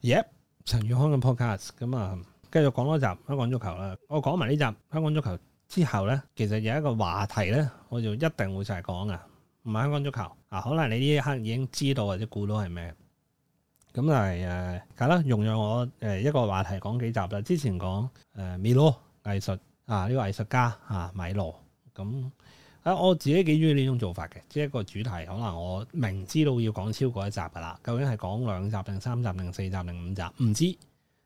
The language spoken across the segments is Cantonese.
Yep，陳宇康嘅 podcast 咁、嗯、啊，繼續講多集香港足球啦。我講埋呢集香港足球之後咧，其實有一個話題咧，我就一定會就係講啊，唔係香港足球啊。可能你呢一刻已經知道或者估到係咩？咁係誒，係咯、嗯，用咗我誒一個話題講幾集啦。之前講誒米羅藝術啊，呢、呢個藝術家啊，米羅咁。我自己幾中意呢種做法嘅，即係一個主題，可能我明知道要講超過一集噶啦，究竟係講兩集定三集定四集定五集唔知，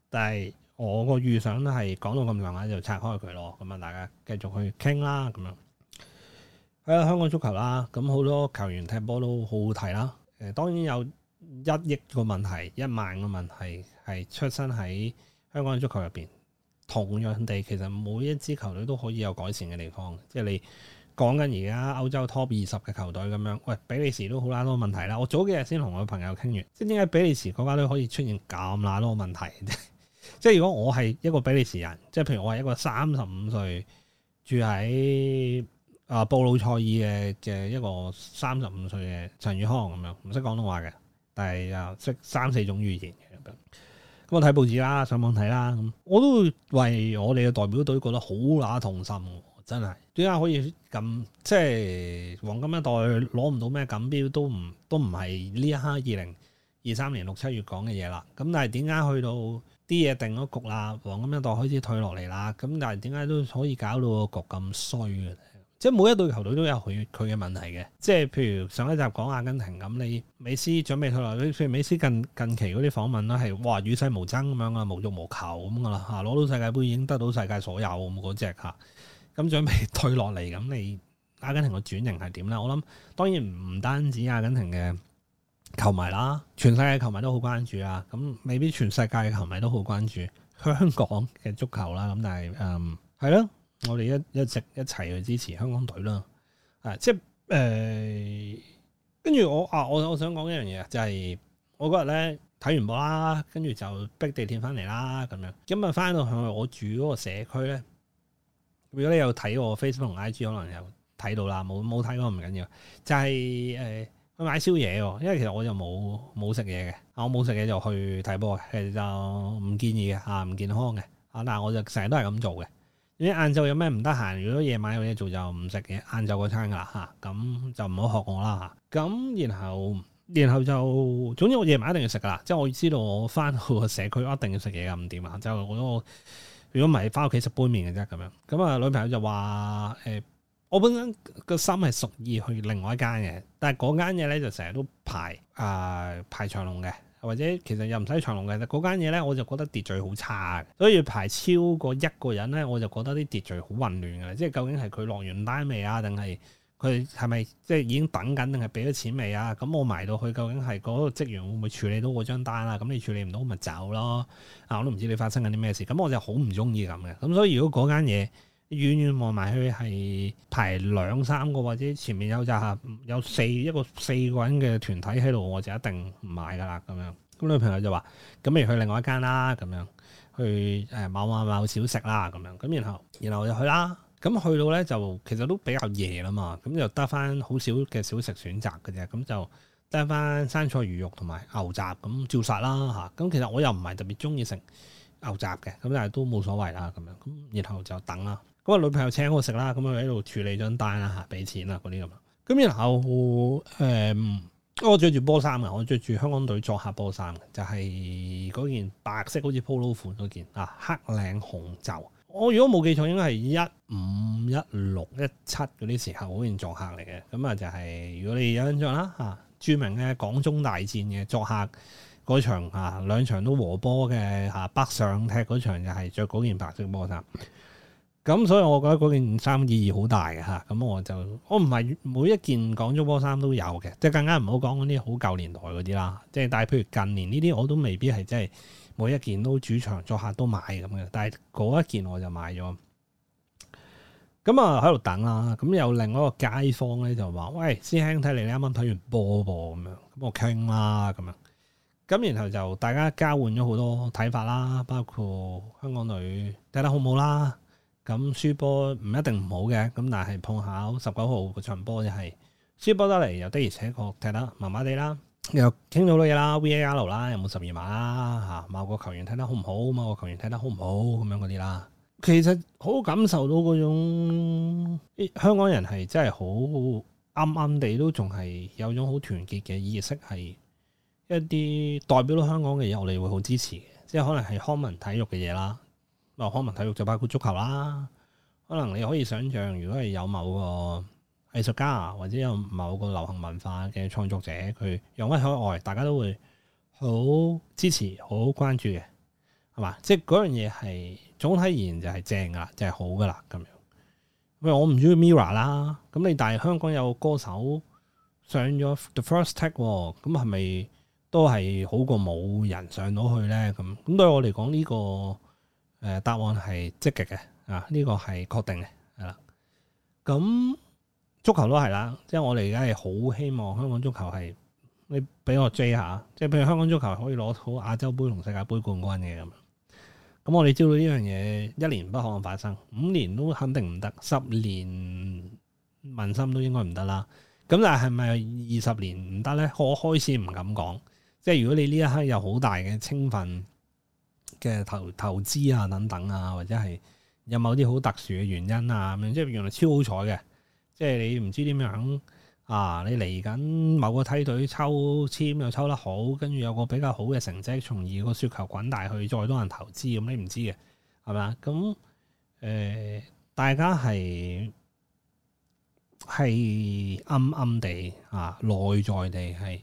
但係我個預想都係講到咁上下就拆開佢咯。咁啊，大家繼續去傾啦。咁樣、嗯、香港足球啦，咁好多球員踢波都好好睇啦。誒，當然有一億個問題、一萬個問題係出生喺香港嘅足球入邊。同樣地，其實每一支球隊都可以有改善嘅地方，即係你。講緊而家歐洲 top 二十嘅球隊咁樣，喂比利時都好乸多問題啦！我早幾日先同我朋友傾完，即係點解比利時國家都可以出現咁乸多問題？ 即係如果我係一個比利時人，即係譬如我係一個三十五歲住喺啊布魯塞爾嘅嘅一個三十五歲嘅陳宇康咁樣，唔識廣東話嘅，但係又識三四種語言。咁我睇報紙啦，上網睇啦，咁我都為我哋嘅代表隊覺得好乸痛心。真係，點解可以咁？即係黃金一代攞唔到咩錦標，都唔都唔係呢一刻二零二三年六七月講嘅嘢啦。咁但係點解去到啲嘢定咗局啦？黃金一代開始退落嚟啦。咁但係點解都可以搞到個局咁衰嘅？即係每一隊球隊都有佢佢嘅問題嘅。即係譬如上一集講阿根廷咁，你美斯準備退落去。譬如美斯近近期嗰啲訪問啦，係哇，與世無爭咁樣啊，無欲無求咁噶啦嚇。攞到世界盃已經得到世界所有咁嗰隻嚇。那個咁準備退落嚟，咁你阿根廷嘅轉型係點咧？我諗當然唔單止阿根廷嘅球迷啦，全世界球迷都好關注啦。咁未必全世界嘅球迷都好關注香港嘅足球啦。咁但係誒係咯，我哋一一直一齊去支持香港隊啦。係、啊、即係誒，跟、呃、住我啊，我想講、就是、我想講一樣嘢就係我嗰日咧睇完波啦，跟住就逼地鐵翻嚟啦，咁樣咁啊，翻到去我住嗰個社區咧。如果你有睇我 Facebook 同 IG，可能又睇到啦。冇冇睇到唔緊要，就係誒去買宵夜喎。因為其實我就冇冇食嘢嘅，我冇食嘢就去睇波，其實就唔建議嘅嚇，唔健康嘅。啊，但係我就成日都係咁做嘅。你晏晝有咩唔得閒？如果夜晚有嘢做就唔食嘢，晏晝嗰餐噶啦嚇，咁、啊、就唔好學我啦嚇。咁、啊啊、然後然後就，總之我夜晚一定要食噶啦，即係我知道我翻去個社區我一定要食嘢啊，唔掂啊，就我。我如果唔係，翻屋企食杯麵嘅啫咁樣。咁啊，女朋友就話：誒、欸，我本身個心係屬意去另外一間嘅，但係嗰間嘢咧就成日都排啊、呃、排長龍嘅，或者其實又唔使長龍嘅。但嗰間嘢咧，我就覺得秩序好差，所以排超過一個人咧，我就覺得啲秩序好混亂嘅。即係究竟係佢落完單未啊，定係？佢係咪即係已經等緊定係俾咗錢未啊？咁我埋到佢究竟係嗰個職員會唔會處理到嗰張單啊？咁你處理唔到咪走咯。啊，我都唔知你發生緊啲咩事。咁我就好唔中意咁嘅。咁所以如果嗰間嘢遠遠望埋去係排兩三個或者前面有扎有四一個四個人嘅團體喺度，我就一定唔買噶啦。咁樣咁女朋友就話：咁你去另外一間啦。咁樣去誒某某某小食啦。咁樣咁然後然後就去啦。咁去到咧就其實都比較夜啦嘛，咁就得翻好少嘅小食選擇嘅啫，咁就得翻生菜魚肉同埋牛雜咁照殺啦嚇。咁其實我又唔係特別中意食牛雜嘅，咁但係都冇所謂啦咁樣。咁然後就等啦。咁我女朋友請我食啦，咁佢喺度處理張單啦嚇，俾錢啦嗰啲咁。咁然後誒、嗯，我着住波衫嘅，我着住香港隊作客波衫就係、是、嗰件白色好似 Polo 恤嗰件啊，黑領紅袖，我如果冇記錯，應該係一五一六一七嗰啲時候嗰件作客嚟嘅，咁啊就係、是、如果你有印象啦嚇，著名嘅港中大戰嘅作客嗰場嚇、啊，兩場都和波嘅嚇、啊，北上踢嗰場就係著嗰件白色波衫。咁所以我覺得嗰件衫意義好大嘅嚇，咁我就我唔係每一件港中波衫都有嘅，即係更加唔好講嗰啲好舊年代嗰啲啦。即係但係譬如近年呢啲，我都未必係真係。每一件都主場作客都買咁嘅，但係嗰一件我就買咗。咁啊喺度等啦，咁有另一個街坊咧就話，喂，師兄睇嚟你啱啱睇完波噃咁樣，咁我傾啦咁樣。咁然後就大家交換咗好多睇法啦，包括香港女踢得好唔好啦。咁輸波唔一定唔好嘅，咁但係碰巧十九號嗰場波就係、是、輸波得嚟，又的而且確踢得麻麻地啦。又傾到啲嘢啦，V A R 啦，有冇十二碼啊？嚇，某個球員睇得好唔好？某個球員睇得好唔好？咁樣嗰啲啦，其實好感受到嗰種、欸、香港人係真係好啱啱地，都仲係有種好團結嘅意識，係一啲代表到香港嘅嘢，我哋會好支持嘅。即係可能係康文體育嘅嘢啦，咁康文體育就包括足球啦。可能你可以想像，如果係有某個。藝術家啊或者有某個流行文化嘅創作者，佢揚威海外，大家都會好支持、好關注嘅，係嘛？即係嗰樣嘢係總體而言就係正噶啦，就係、是、好噶啦，咁樣。喂，我唔中意 Mirror 啦，咁你但係香港有歌手上咗 The First Take 咁係咪都係好過冇人上到去咧？咁咁對我嚟講呢個誒、呃、答案係積極嘅啊，呢、這個係確定嘅係啦，咁。足球都係啦，即係我哋而家係好希望香港足球係，你俾我追下，即係譬如香港足球可以攞到亞洲杯同世界盃冠軍嘅咁。咁我哋知道呢樣嘢一年不可能發生，五年都肯定唔得，十年問心都應該唔得啦。咁但係係咪二十年唔得咧？我開始唔敢講。即係如果你呢一刻有好大嘅青訓嘅投投資啊等等啊，或者係有某啲好特殊嘅原因啊咁樣，即係原來超好彩嘅。即係你唔知點樣啊？你嚟緊某個梯隊抽籤又抽得好，跟住有個比較好嘅成績，從而個雪球滾大去，再多人投資咁，你唔知嘅係咪啊？咁誒、呃，大家係係暗暗地啊，內在地係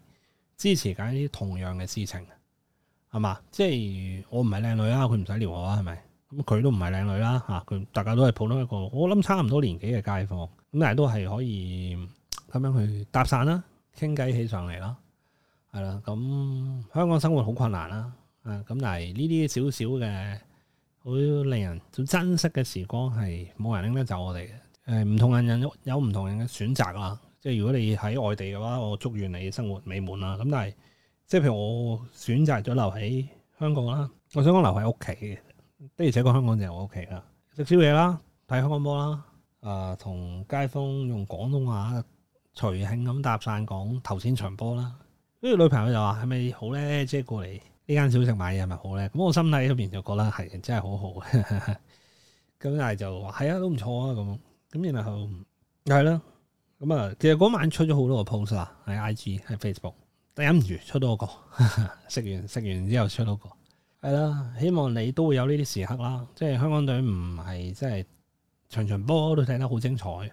支持緊啲同樣嘅事情，係嘛？即係我唔係靚女啦，佢唔使撩我啦，係咪咁？佢都唔係靚女啦，吓、啊、佢，大家都係普通一個我諗差唔多年紀嘅街坊。咁但係都係可以咁樣去搭訕啦，傾偈起上嚟啦。係啦。咁、嗯、香港生活好困難啦，啊、嗯、咁但係呢啲少少嘅，好令人咁珍惜嘅時光係冇人拎得走我哋嘅。誒、欸、唔同人有有唔同嘅選擇啦。即係如果你喺外地嘅話，我祝願你生活美滿啦。咁、嗯、但係即係譬如我選擇咗留喺香港啦，我想講留喺屋企嘅，的而且確香港就係我屋企啦，食宵夜啦，睇香港波啦。誒，同、呃、街坊用廣東話隨興咁搭散講頭先場波啦，跟住女朋友就話：係咪好咧？即係過嚟呢間小食買嘢係咪好咧？咁我心底入邊就覺得係，真係好好。 咁但係就話係啊，都唔錯啊，咁咁然後係啦。咁啊，其實嗰晚出咗好多個 post 啊，喺 IG 喺 Facebook，但忍唔住出多個食 完食完之後出多個，係啦。希望你都會有呢啲時刻啦。即係香港隊唔係即係。場場波都睇得好精彩，係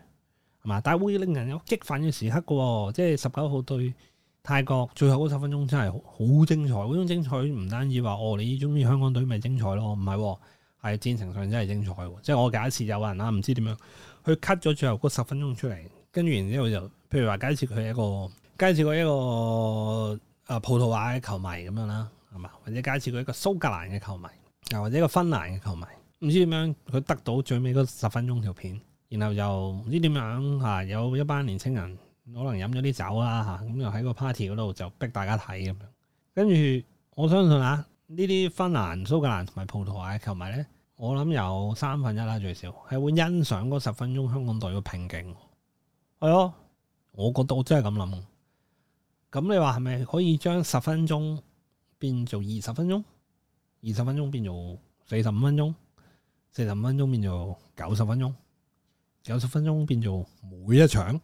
嘛？但係會令人有激憤嘅時刻嘅喎，即係十九號對泰國最後嗰十分鐘真係好精彩。嗰種精彩唔單止話哦，你中意香港隊咪精彩咯？唔係、哦，係戰情上真係精彩。即係我假設有人啦，唔知點樣去 cut 咗最後嗰十分鐘出嚟，跟住然之後就，譬如話假設佢係一個假設佢係一個啊葡萄牙嘅球迷咁樣啦，係嘛？或者假設佢一個蘇格蘭嘅球迷，又或者一個芬蘭嘅球迷。唔知點樣，佢得到最尾嗰十分鐘條片，然後就唔知點樣嚇、啊，有一班年青人可能飲咗啲酒啦嚇，咁、啊、又喺個 party 嗰度就逼大家睇咁樣。跟住我相信啊，呢啲芬蘭、蘇格蘭同埋葡萄牙球迷咧，我諗有三分一啦最少，係會欣賞嗰十分鐘香港隊嘅拼勁。係、哎、咯，我覺得我真係咁諗。咁你話係咪可以將十分鐘變做二十分鐘？二十分鐘變做四十五分鐘？四十五分鐘變做九十分鐘，九十分鐘變做每一場，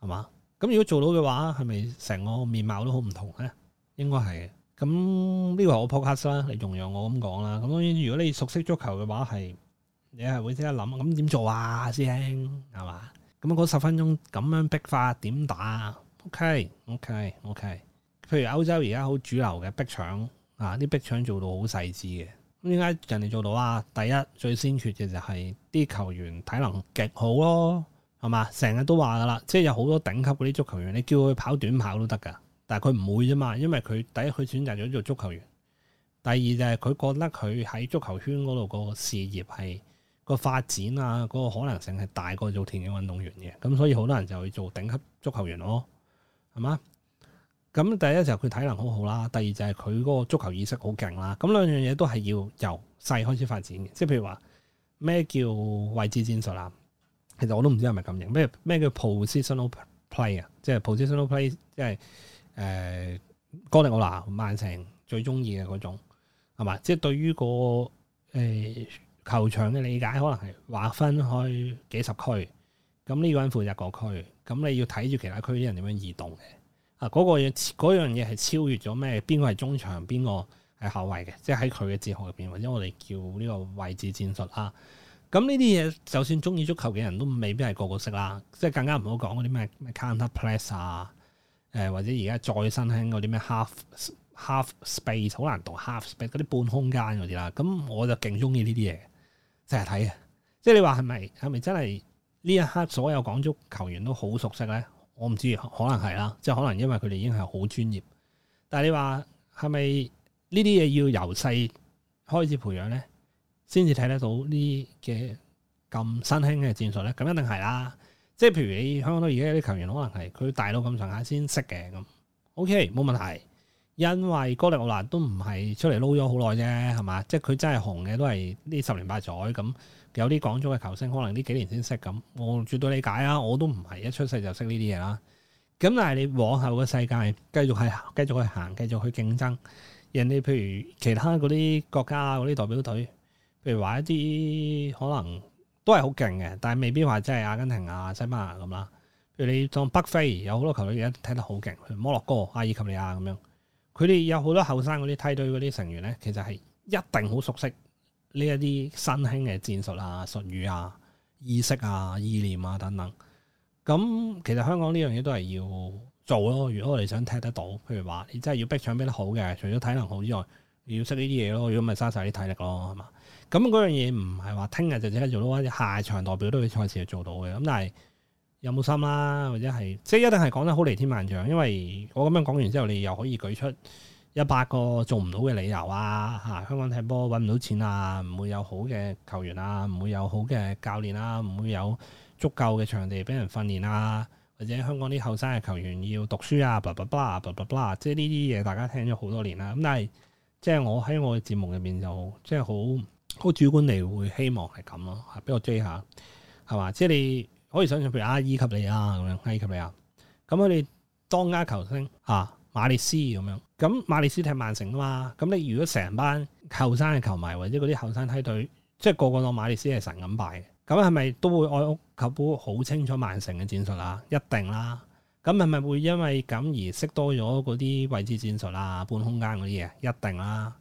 係嘛？咁如果做到嘅話，係咪成個面貌都好唔同咧？應該係嘅。咁呢個係我 focus 啦，你容讓我咁講啦。咁當然，如果你熟悉足球嘅話，係你係會即刻諗，咁點做啊，師兄係嘛？咁嗰十分鐘咁樣逼化點打？OK，OK，OK。Okay, okay, okay. 譬如歐洲而家好主流嘅逼搶啊，啲逼搶做到好細緻嘅。咁點解人哋做到啊？第一最先決嘅就係啲球員體能極好咯，係嘛？成日都話噶啦，即係有好多頂級嗰啲足球員，你叫佢跑短跑都得噶，但係佢唔會啫嘛，因為佢第一佢選擇咗做足球員，第二就係佢覺得佢喺足球圈嗰度個事業係個發展啊，嗰個可能性係大過做田徑運動員嘅，咁所以好多人就去做頂級足球員咯，係嘛？咁第一就係佢體能好好啦，第二就係佢嗰個足球意識好勁啦。咁兩樣嘢都係要由細開始發展嘅。即係譬如話咩叫位置戰術啦？其實我都唔知係咪咁型。咩咩叫 positional play 啊 pos、呃？即係 positional play，即係誒，哥德堡啦、曼城最中意嘅嗰種係嘛？即係對於個誒球場嘅理解，可能係劃分開幾十區。咁、這、呢個人負責個區，咁你要睇住其他區啲人點樣移動嘅。啊！嗰個嘢，嗰樣嘢係超越咗咩？邊個係中場，邊個係後衞嘅？即係喺佢嘅哲學入邊，或者我哋叫呢個位置戰術啊。咁呢啲嘢，就算中意足球嘅人都未必係個個識啦。即係更加唔好講嗰啲咩 counter press 啊，誒、呃、或者而家再新興嗰啲咩 half half space 好難讀，half space 嗰啲半空間嗰啲啦。咁我就勁中意呢啲嘢，即係睇啊！即係你話係咪係咪真係呢一刻所有港足球員都好熟悉咧？我唔知，可能係啦，即係可能因為佢哋已經係好專業。但係你話係咪呢啲嘢要由細開始培養咧，先至睇得到呢嘅咁新興嘅戰術咧？咁一定係啦。即係譬如你香港都而家有啲球員，可能係佢大佬咁上下先識嘅咁。O.K. 冇問題，因為哥迪奧拿都唔係出嚟撈咗好耐啫，係嘛？即係佢真係紅嘅，都係呢十年八載咁。有啲港中嘅球星，可能呢幾年先識咁，我絕對理解啊！我都唔係一出世就識呢啲嘢啦。咁但係你往後嘅世界，繼續係繼續去行，繼續去競爭。人哋譬如其他嗰啲國家嗰啲代表隊，譬如話一啲可能都係好勁嘅，但係未必話真係阿根廷啊、西班牙咁啦。譬如你當北非有好多球隊而家睇得好勁，譬如摩洛哥、阿爾及利亞咁樣，佢哋有好多後生嗰啲梯隊嗰啲成員咧，其實係一定好熟悉。呢一啲新興嘅戰術啊、術語啊、意識啊、意念啊等等，咁、嗯、其實香港呢樣嘢都係要做咯。如果我哋想踢得到，譬如話你真係要逼搶逼得好嘅，除咗體能好之外，你要識呢啲嘢咯。如果咪嘥晒啲體力咯，係嘛？咁嗰樣嘢唔係話聽日就即刻做到，或者下場代表都嘅賽事係做到嘅。咁、嗯、但係有冇心啦？或者係即係一定係講得好離天萬丈，因為我咁樣講完之後，你又可以舉出。一百個做唔到嘅理由啊！嚇、啊，香港踢波揾唔到錢啊，唔會有好嘅球員啊，唔會有好嘅教練啊，唔會有足夠嘅場地俾人訓練啊，或者香港啲後生嘅球員要讀書啊，巴拉巴拉巴拉巴拉，即係呢啲嘢大家聽咗好多年啦。咁但係即係我喺我嘅節目入面就即係好好主觀嚟會希望係咁咯。嚇，俾我追下係嘛？即係你可以想象譬如阿爾及利亞啊咁樣，阿爾及利亞啊，咁我哋當家球星啊。馬列斯咁樣，咁馬列斯踢曼城啊嘛，咁你如果成班後生嘅球迷或者嗰啲後生梯隊，即係個個當馬列斯係神咁拜嘅，咁係咪都會愛屋及烏，好清楚曼城嘅戰術啦、啊？一定啦，咁係咪會因為咁而識多咗嗰啲位置戰術啦、啊、半空間嗰啲嘢？一定啦，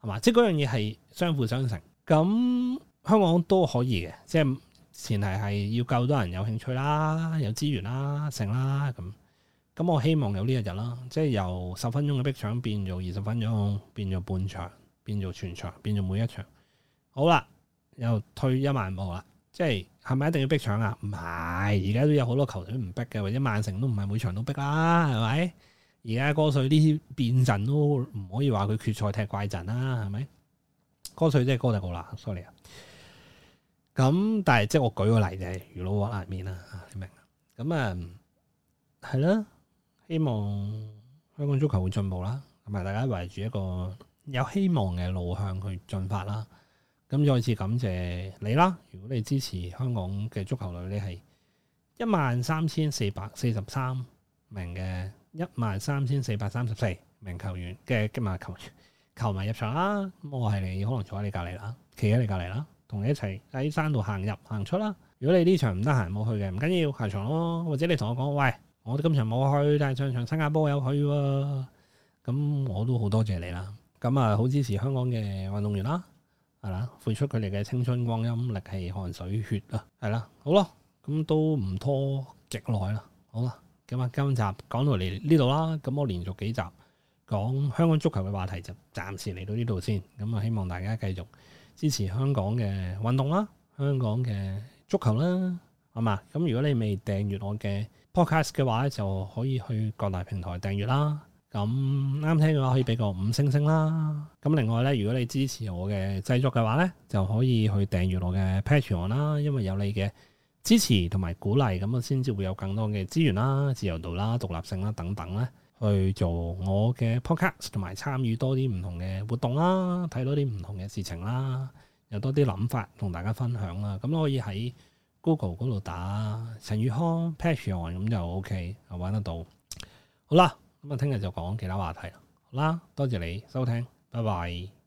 係嘛？即係嗰樣嘢係相輔相成。咁香港都可以嘅，即係前提係要夠多人有興趣啦、有資源啦、成啦咁。咁、嗯、我希望有呢一日啦，即係由十分鐘嘅逼搶變做二十分鐘，變做半場，變做全場，變做每一場。好啦，又退一萬步啦，即係係咪一定要逼搶啊？唔係，而家都有好多球隊唔逼嘅，或者曼城都唔係每場都逼啦，係咪？而家歌瑞呢啲變陣都唔可以話佢決賽踢怪陣啦，係咪？歌瑞即係高大個啦，sorry 啊、嗯。咁但係即係我舉個例就係如老王難面啦，你明？咁啊係啦。希望香港足球會進步啦，同埋大家圍住一個有希望嘅路向去進發啦。咁再次感謝你啦！如果你支持香港嘅足球隊，你係一萬三千四百四十三名嘅一萬三千四百三十四名球員嘅，今日球球迷入場啦。咁我係你可能坐喺你隔離啦，企喺你隔離啦，同你一齊喺山度行入行出啦。如果你呢場唔得閒冇去嘅，唔緊要，下場咯。或者你同我講喂。我哋今場冇去，但係上場新加坡有去喎啊。咁我都好多謝你啦。咁啊，好支持香港嘅運動員啦，係啦，付出佢哋嘅青春、光陰、力氣、汗水、血啊，係啦，好咯。咁都唔拖極耐啦。好啦，咁啊，今集講到嚟呢度啦。咁我連續幾集講香港足球嘅話題，就暫時嚟到呢度先。咁啊，希望大家繼續支持香港嘅運動啦，香港嘅足球啦，係嘛？咁如果你未訂閲我嘅，podcast 嘅話咧，就可以去各大平台訂閱啦。咁、嗯、啱聽嘅話，可以俾個五星星啦。咁、嗯、另外咧，如果你支持我嘅製作嘅話咧，就可以去訂閱我嘅 Patreon 啦。因為有你嘅支持同埋鼓勵，咁啊先至會有更多嘅資源啦、自由度啦、獨立性啦等等咧，去做我嘅 podcast 同埋參與多啲唔同嘅活動啦，睇多啲唔同嘅事情啦，有多啲諗法同大家分享啦。咁可以喺 Google 嗰度打陳宇康 Patreon 咁就 OK，玩得到。好啦，咁啊聽日就講其他話題啦。好啦，多謝你收聽，拜拜。